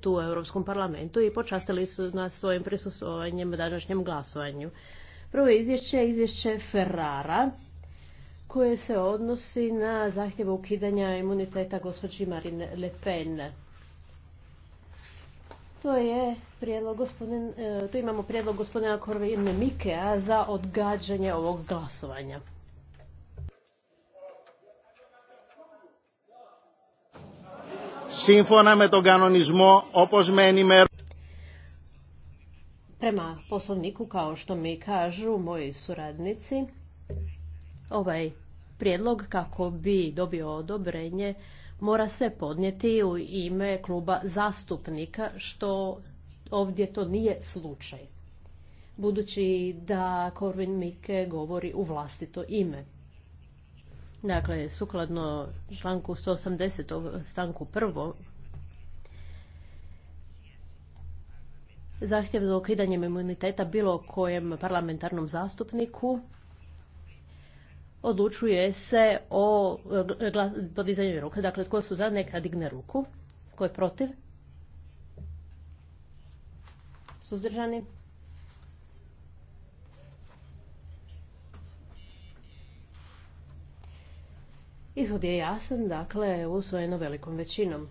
tu u Europskom parlamentu i počastili su nas svojim prisustvovanjem današnjem glasovanju. Prvo izvješće je izvješće Ferrara koje se odnosi na zahtjev ukidanja imuniteta gospođi Marine Le Pen. To je prijedlog gospodin, e, tu imamo prijedlog gospodina Korvine Mikea za odgađanje ovog glasovanja. σύμφωνα με τον Prema poslovniku, kao što mi kažu moji suradnici, ovaj prijedlog kako bi dobio odobrenje mora se podnijeti u ime kluba zastupnika, što ovdje to nije slučaj, budući da Korvin Mike govori u vlastito ime. Dakle, sukladno članku 180. stanku prvo, zahtjev za okidanjem imuniteta bilo kojem parlamentarnom zastupniku odlučuje se o e, podizanju ruke. Dakle, tko su za, neka digne ruku. Tko je protiv? Suzdržani? Ishod je jasan, dakle, usvojeno velikom većinom.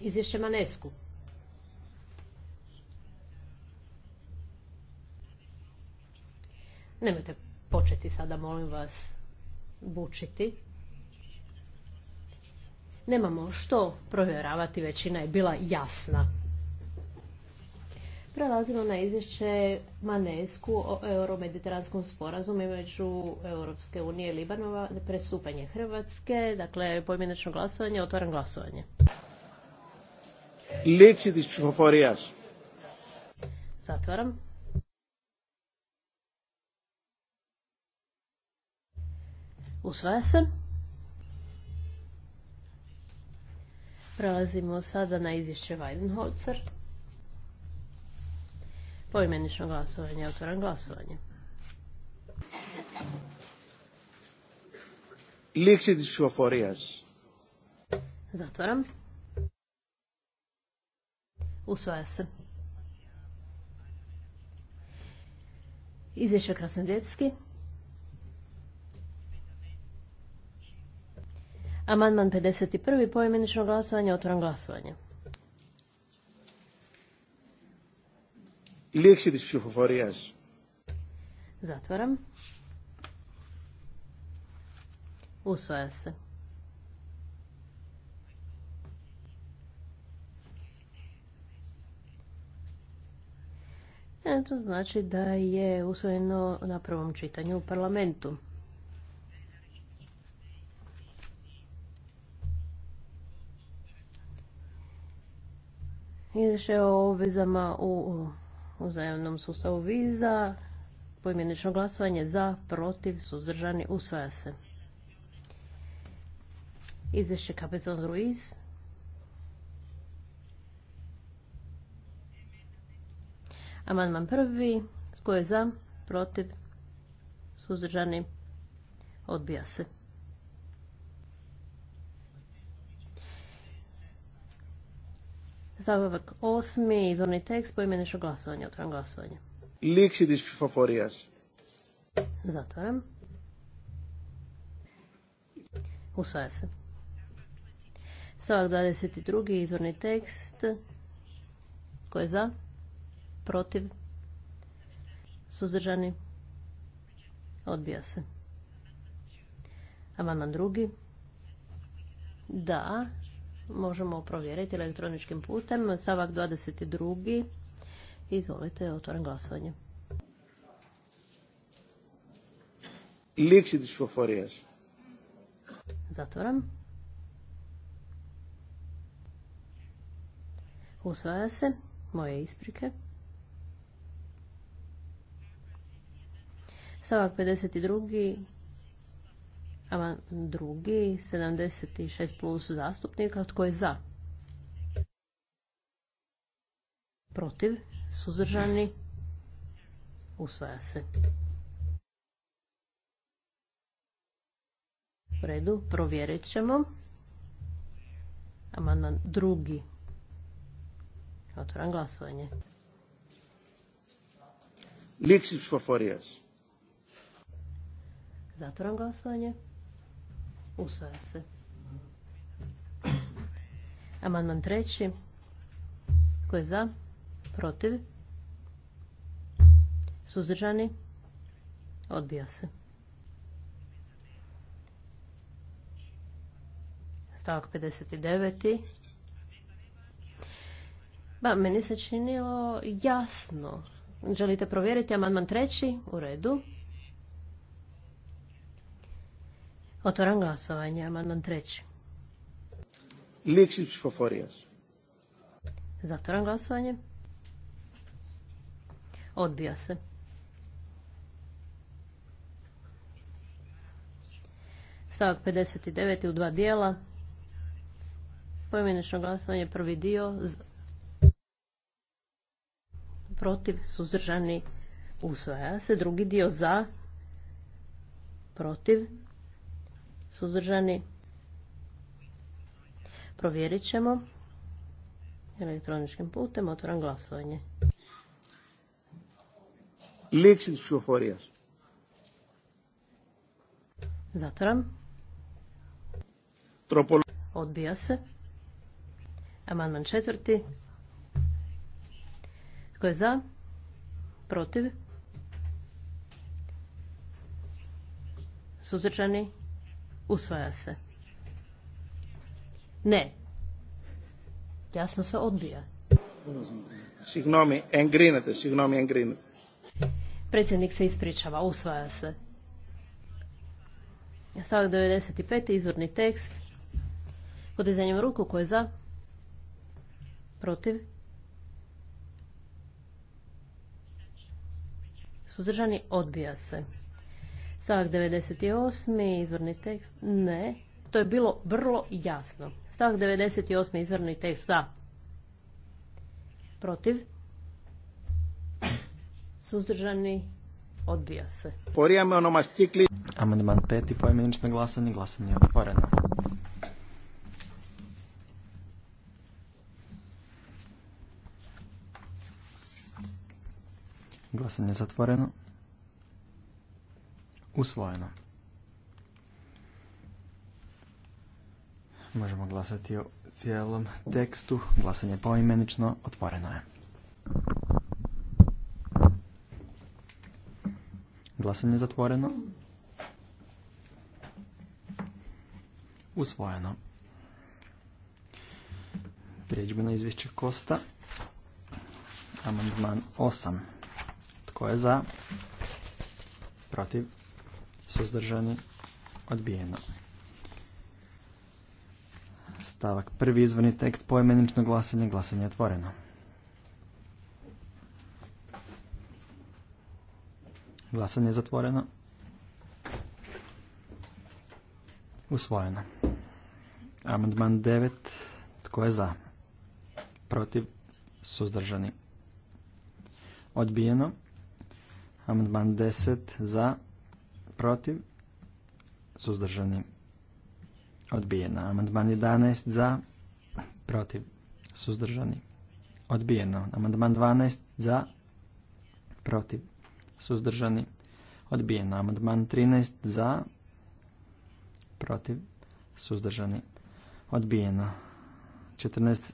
Izvješće Manesku. Nemojte početi sada, molim vas, bučiti. Nemamo što provjeravati, većina je bila jasna. Prelazimo na izvješće Manesku o euromediteranskom sporazumu između Europske unije i Libanova, prestupanje Hrvatske, dakle pojedinačno glasovanje, otvaram glasovanje. Zatvaram. Usvaja se. Prelazimo sada na izvješće Weidenholzer. Poimenično glasovanje. Otvaram glasovanje. Λήξη της Zatvoram. Usvaja se. Izvješće Krasnodjevski. Amandman 51. poimenično glasovanje, otvoram glasovanje. λήξη της ψηφοφορίας. Zatvaram. Usvaja se. E, to znači da je usvojeno na prvom čitanju u parlamentu. Izvješće o obvezama u uzajemnom sustavu viza. Poimenično glasovanje za, protiv, suzdržani, usvaja se. Izvješće Kapezon Ruiz. Amandman prvi. Tko je za? Protiv? Suzdržani? Odbija se. Stavak osmi, izvorni tekst, poimenično glasovanje, otvaram glasovanje. Liksi diš pifoforijas. Zatvaram. Usvaja se. Stavak 22. izvorni tekst. Ko je za? Protiv? Suzdržani? Odbija se. Amandman drugi. Da, možemo provjeriti elektroničkim putem. Stavak 22. Izvolite, otvoren glasovanje. Λήξη της Zatvoram. Usvaja se. Moje isprike. Stavak 52. Aman drugi, 76 plus zastupnika. Tko je za? Protiv? Suzdržani? Usvaja se. U redu, provjerit ćemo. Amandman drugi. Otvoram glasovanje. Liksić for years. Zatvoram glasovanje. Usvaja se. Amandman treći. Tko je za? Protiv? Suzdržani? Odbija se. Stavak 59. Ba, meni se činilo jasno. Želite provjeriti amandman treći? U redu. Otvaram glasovanje, amandman treći. Liksić Foforijas. Zatvoram glasovanje. Odbija se. Stavak 59. u dva dijela. Pojmenično glasovanje prvi dio. Protiv suzdržani usvaja se. Drugi dio za. Protiv suzdržani. Provjerit ćemo elektroničkim putem. Otvoram glasovanje. Λήξη Zatvoram. Odbija se. Amandman četvrti. Tko je za? Protiv? Suzdržani? Usvaja se. Ne. Jasno se odbija. Signomi, signomi, Predsjednik se ispričava, usvaja se. Stavak 95. izvorni tekst. Podizanjem ruku koje je za? Protiv? Suzdržani odbija se. Stavak 98. izvorni tekst? Ne. To je bilo vrlo jasno. Stavak 98. izvorni tekst? Da. Protiv? Suzdržani? Odbija se. Porijame onomastikli. Amandman peti pojmenično glasanje. Glasanje je otvoreno. Glasanje je zatvoreno. Usvojeno. Možemo glasati o cijelom tekstu. Glasanje poimenično otvoreno je. Glasanje zatvoreno. Usvojeno. Prijeđemo na izvješće Kosta. Amandman 8. Tko je za? Protiv? suzdržani, odbijeno. Stavak prvi izvorni tekst poimenično glasanje, glasanje je otvoreno. Glasanje je zatvoreno. Usvojeno. Amandman 9. Tko je za? Protiv? Suzdržani. Odbijeno. Amandman 10. Za? protiv, suzdržani, odbijeno. Amandman 11 za, protiv, suzdržani, odbijeno. Amandman 12 za, protiv, suzdržani, odbijeno. Amandman 13 za, protiv, suzdržani, odbijeno. 14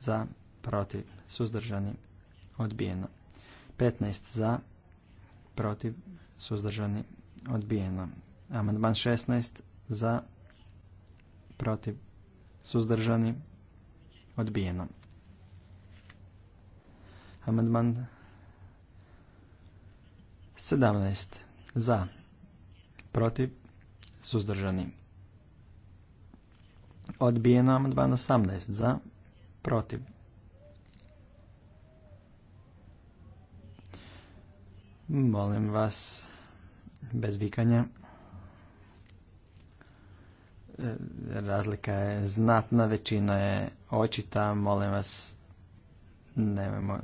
za, protiv, suzdržani, odbijeno. 15 za, protiv, suzdržani, odbijeno. Amandman 16 za, protiv, suzdržani, odbijeno. Amandman 17 za, protiv, suzdržani, odbijeno. Amandman 18 za, protiv, Molim vas bez vikanja. E, razlika je znatna, većina je očita, molim vas, nemojmo.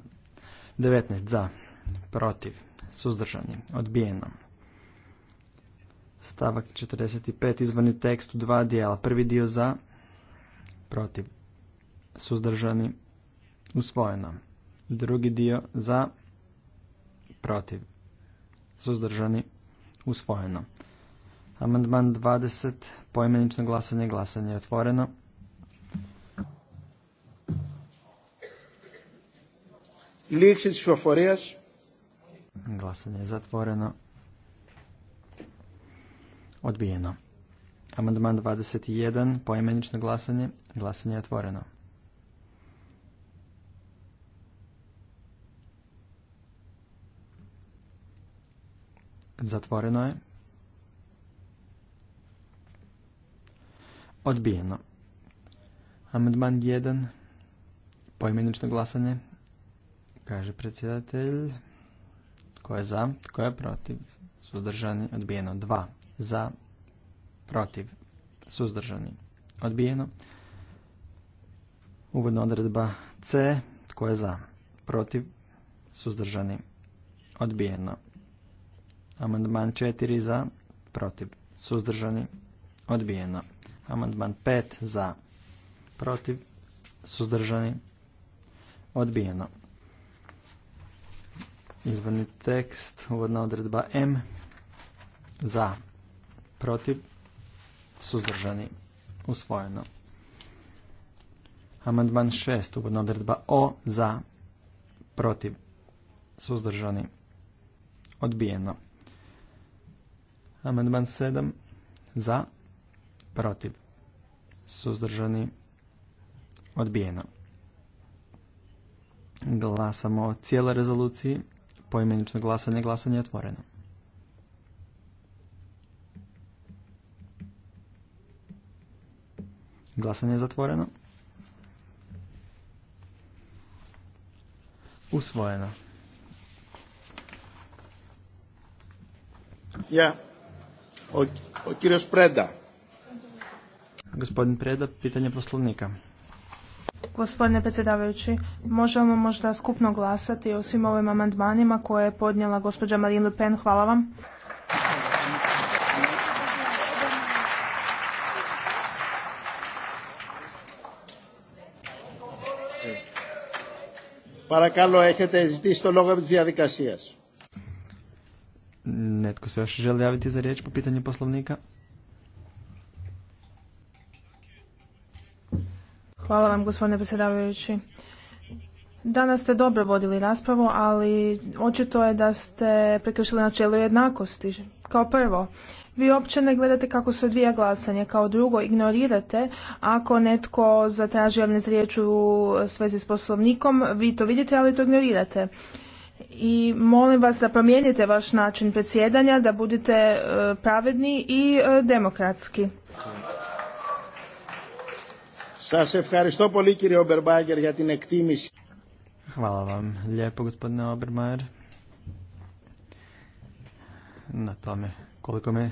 19 za, protiv, suzdržani, odbijeno. Stavak 45, izvorni tekst u dva dijela. Prvi dio za, protiv, suzdržani, usvojeno. Drugi dio za, protiv, suzdržani, usvojeno. Amandman 20, poimenično glasanje, glasanje je otvoreno. Glasanje je zatvoreno. Odbijeno. Amandman 21, poimenično glasanje, glasanje je otvoreno. Zatvoreno je. Odbijeno. Amandman 1. Poimenično glasanje. Kaže predsjedatelj. Tko je za? Tko je protiv? Suzdržani. Odbijeno. 2. Za. Protiv. Suzdržani. Odbijeno. Uvodna odredba C. Tko je za? Protiv. Suzdržani. Odbijeno. Amandman 4 za, protiv, suzdržani, odbijeno. Amandman 5 za, protiv, suzdržani, odbijeno. Izvorni tekst, uvodna odredba M, za, protiv, suzdržani, usvojeno. Amandman 6, uvodna odredba O, za, protiv, suzdržani, odbijeno. Amandman 7 za, protiv, suzdržani, odbijeno. Glasamo o cijeloj rezoluciji. Poimenično glasanje, glasanje je otvoreno. Glasanje je zatvoreno. Usvojeno. Ja, o, o Preda. Gospodin Preda, pitanje poslovnika. Gospodine predsjedavajući, možemo možda skupno glasati o svim ovim amandmanima koje je podnijela gospođa Marine Le Pen. Hvala vam. Παρακαλώ, ehete iz το λόγο logo Netko se još želi javiti za riječ po pitanju poslovnika? Hvala vam gospodine predsjedavajući. Danas ste dobro vodili raspravu, ali očito je da ste prekršili načelo jednakosti. Kao prvo, vi uopće ne gledate kako se odvija glasanje. Kao drugo, ignorirate ako netko zatraži javne riječ u svezi s poslovnikom, vi to vidite, ali to ignorirate i molim vas da promijenite vaš način predsjedanja, da budete e, pravedni i e, demokratski. Hvala vam lijepo gospodine Obermajer na tome koliko me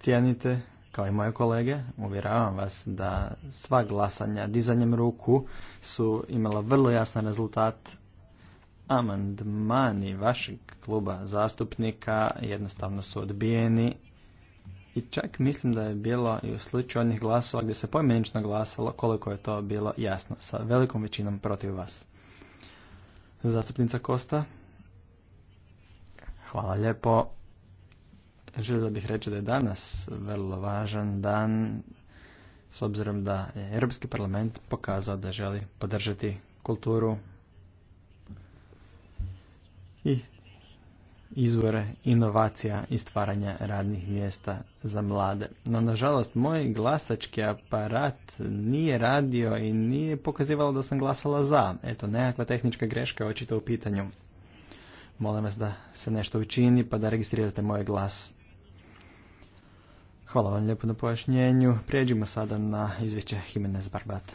cijenite kao i moje kolege. Uvjeravam vas da sva glasanja dizanjem ruku su imala vrlo jasan rezultat amandmani vašeg kluba zastupnika jednostavno su odbijeni i čak mislim da je bilo i u slučaju onih glasova gdje se pojmenično glasalo koliko je to bilo jasno sa velikom većinom protiv vas. Zastupnica Kosta. Hvala lijepo. Želio bih reći da je danas vrlo važan dan s obzirom da je Europski parlament pokazao da želi podržati kulturu i izvore inovacija i stvaranja radnih mjesta za mlade. No, nažalost, moj glasački aparat nije radio i nije pokazivalo da sam glasala za. Eto, nekakva tehnička greška je očito u pitanju. Molim vas da se nešto učini pa da registrirate moj glas. Hvala vam lijepo na pojašnjenju. Prijeđimo sada na izvješće Jimenez Barbat.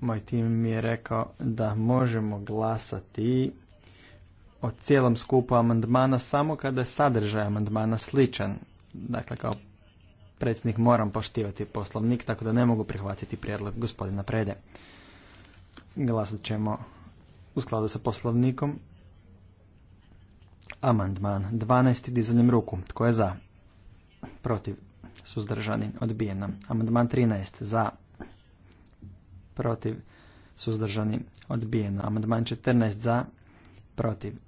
moj tim mi je rekao da možemo glasati o cijelom skupu amandmana samo kada je sadržaj amandmana sličan. Dakle, kao predsjednik moram poštivati poslovnik, tako da ne mogu prihvatiti prijedlog gospodina Prede. Glasat ćemo u skladu sa poslovnikom. Amandman 12. dizanjem ruku. Tko je za? Protiv. Suzdržani. Odbijeno. Amandman 13. Za protiv, suzdržani, odbijeno. Amandman 14 za, protiv,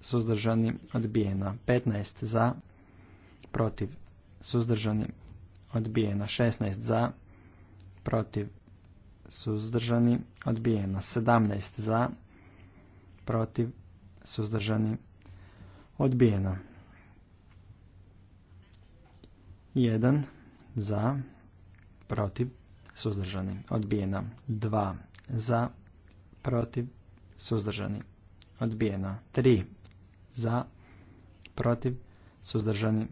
suzdržani, odbijeno. 15 za, protiv, suzdržani, odbijeno. 16 za, protiv, suzdržani, odbijeno. 17 za, protiv, suzdržani, odbijeno. 1 za, protiv, suzdržani, odbijena. 2 za, protiv, suzdržani, odbijena. 3 za, protiv, suzdržani,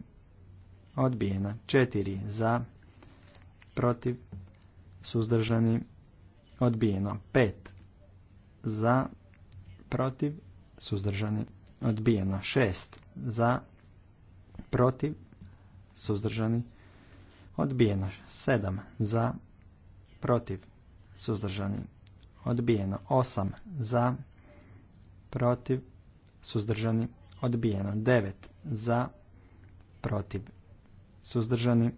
odbijena. 4 za, protiv, suzdržani, odbijeno. 5 za, protiv, suzdržani, odbijeno. 6 za, protiv, suzdržani, odbijeno. 7 za, protiv, protiv, suzdržani, odbijeno. Osam, za, protiv, suzdržani, odbijeno. 9 za, protiv, suzdržani,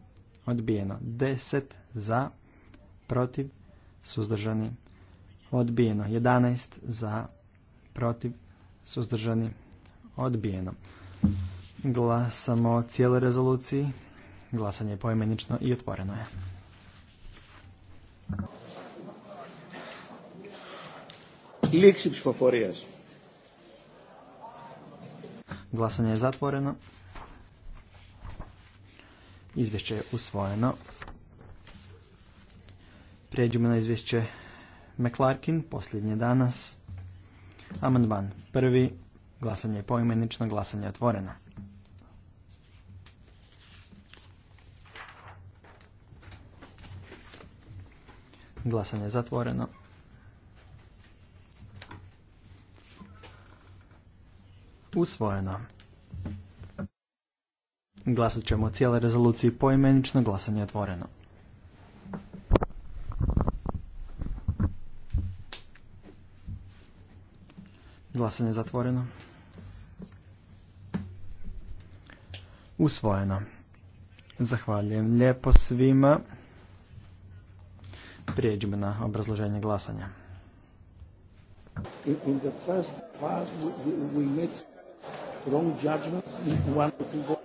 odbijeno. 10 za, protiv, suzdržani, odbijeno. 11 za, protiv, suzdržani, odbijeno. Glasamo o cijeloj rezoluciji. Glasanje je poimenično i otvoreno je. Λήξη Glasanje je zatvoreno. Izvješće je usvojeno. Prijeđemo na izvješće McClarkin, posljednje danas. Amandman prvi, glasanje je poimenično, glasanje je otvoreno. Glasanje je zatvoreno. Usvojeno. Glasat ćemo o cijeloj rezoluciji poimenično. Glasanje je otvoreno. Glasanje je zatvoreno. Usvojeno. Zahvaljujem lijepo svima. Prijeđimo na obrazloženje glasanja. In the first part we, we made wrong judgments in one or two